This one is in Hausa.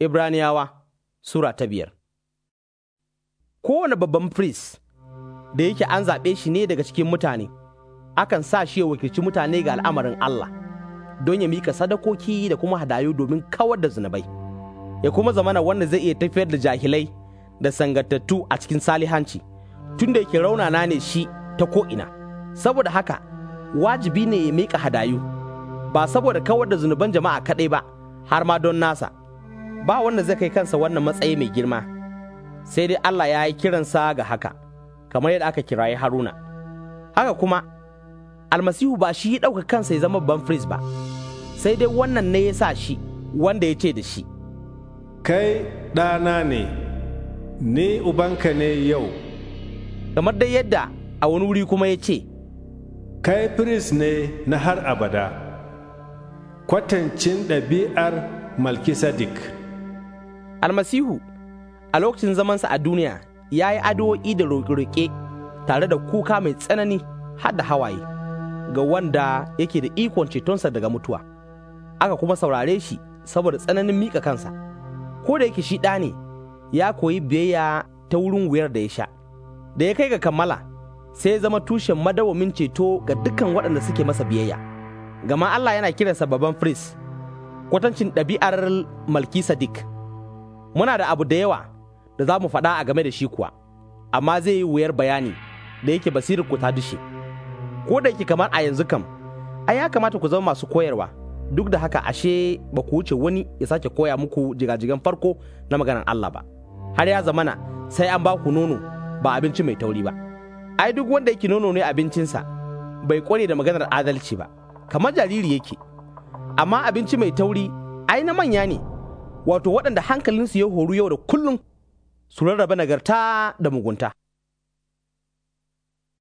Ibraniyawa Sura ta biyar Kowane babban firist da yake an zaɓe shi ne daga cikin mutane, akan sa shi ya wakilci mutane ga al'amarin Allah, don ya mika sadakoki da kuma hadayu domin kawar da zunubai, ya kuma zamana wanda zai iya tafiyar da jahilai da sangantattu a cikin salihanci, tun da yake raunana ne shi ta ko'ina. Saboda haka, wajibi ne ya mika hadayu, ba saboda kawar da zunuban jama'a kaɗai ba, har ma don nasa. ba wanda zai kai kansa wannan matsayi mai girma sai dai Allah ya yi kiransa ga haka kamar yadda aka kirayi haruna haka kuma almasihu ba shi ɗauka kansa ya zama Fris ba sai dai wannan ne ya sa shi wanda ya ce da shi kai ɗana ne ni ubanka ne yau kamar dai yadda a wani wuri kuma ya ce kai firis ne na har abada kwatancin ɗabi'ar malkisadik. almasihu a lokacin zamansa a duniya ya yi addu'o'i da roƙe-roƙe tare da kuka mai tsanani har da hawaye ga wanda yake da ikon cetonsa daga mutuwa aka kuma saurare shi saboda tsananin mika kansa ko da yake shi ɗa ne ya koyi biyayya ta wurin wuyar da ya sha da ya kai ga kammala sai ya zama tushen madawamin ceto ga dukkan waɗanda suke masa biyayya gama Allah yana kiransa babban Firist kwatancin ɗabi'ar malki sadik muna da abu da yawa da za mu faɗa a game da shi kuwa amma zai yi wuyar bayani da yake basirin ku ta dushe ko da yake kamar a yanzu kam ai ya kamata ku zama masu koyarwa duk da haka ashe ba ku wuce wani ya sake koya muku jigajigan farko na maganar Allah ba har ya zamana sai an ba ku nono ba abinci mai tauri ba ai duk wanda yake nono ne abincinsa bai kware da maganar adalci ba kamar jariri yake amma abinci mai tauri ai na manya ne wato waɗanda hankalinsu ya horu yau da kullum su rarraba nagarta da mugunta.